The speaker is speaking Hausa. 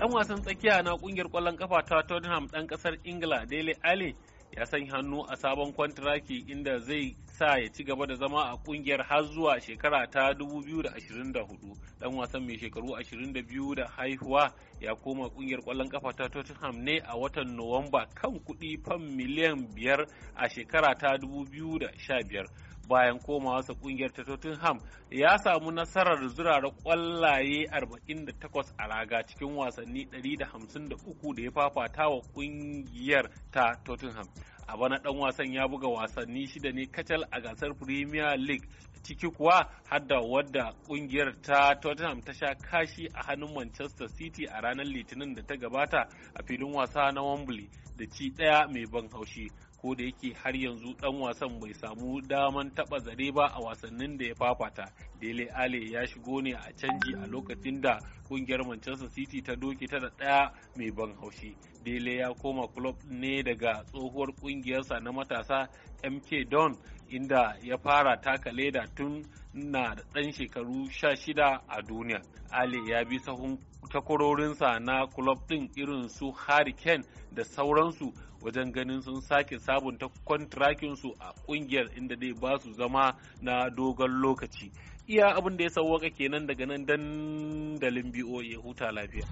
Dan wasan tsakiya na kungiyar kwallon kafa ta Tottenham dan kasar Ingila Dele Alli ya sanya hannu a sabon kwantiraki inda zai sa ya ci gaba da zama a kungiyar har zuwa shekara ta 2024 dan wasan mai shekaru 22 da haihuwa ya koma kungiyar kwallon kafa ta Tottenham ne a watan Nuwamba kan kudi fam miliyan 5 a shekara ta 2015 bayan komawarsa kungiyar ta Tottenham ya samu nasarar zurara kwallaye 48 a raga cikin wasanni 153 da ya fafata wa kungiyar ta Tottenham. A bana dan wasan ya buga wasanni shida ne kacal a gasar Premier League ciki kuwa hadda wadda kungiyar ta Tottenham ta sha kashi a hannun Manchester City a ranar Litinin da ta gabata a filin wasa na Wembley da ci daya mai ban haushi. ko da yake har yanzu dan wasan bai samu daman taba zare ba a wasannin da ya fafata dele ale ya shigo ne a canji a lokacin da kungiyar manchester city ta doke ta da daya mai ban haushi dele ya koma club ne daga tsohuwar kungiyarsa na matasa mk don inda ya fara taka leda tun na da ɗan shekaru sha shida a duniya. Ali ya bi sahun takwarorinsa na kulob ɗin irin su Harry da sauransu wajen ganin sun sake sabunta kwantirakinsu a ƙungiyar inda dai ba su zama na dogon lokaci. Iya abin da ya sauwaka kenan daga nan dandalin BOA huta lafiya.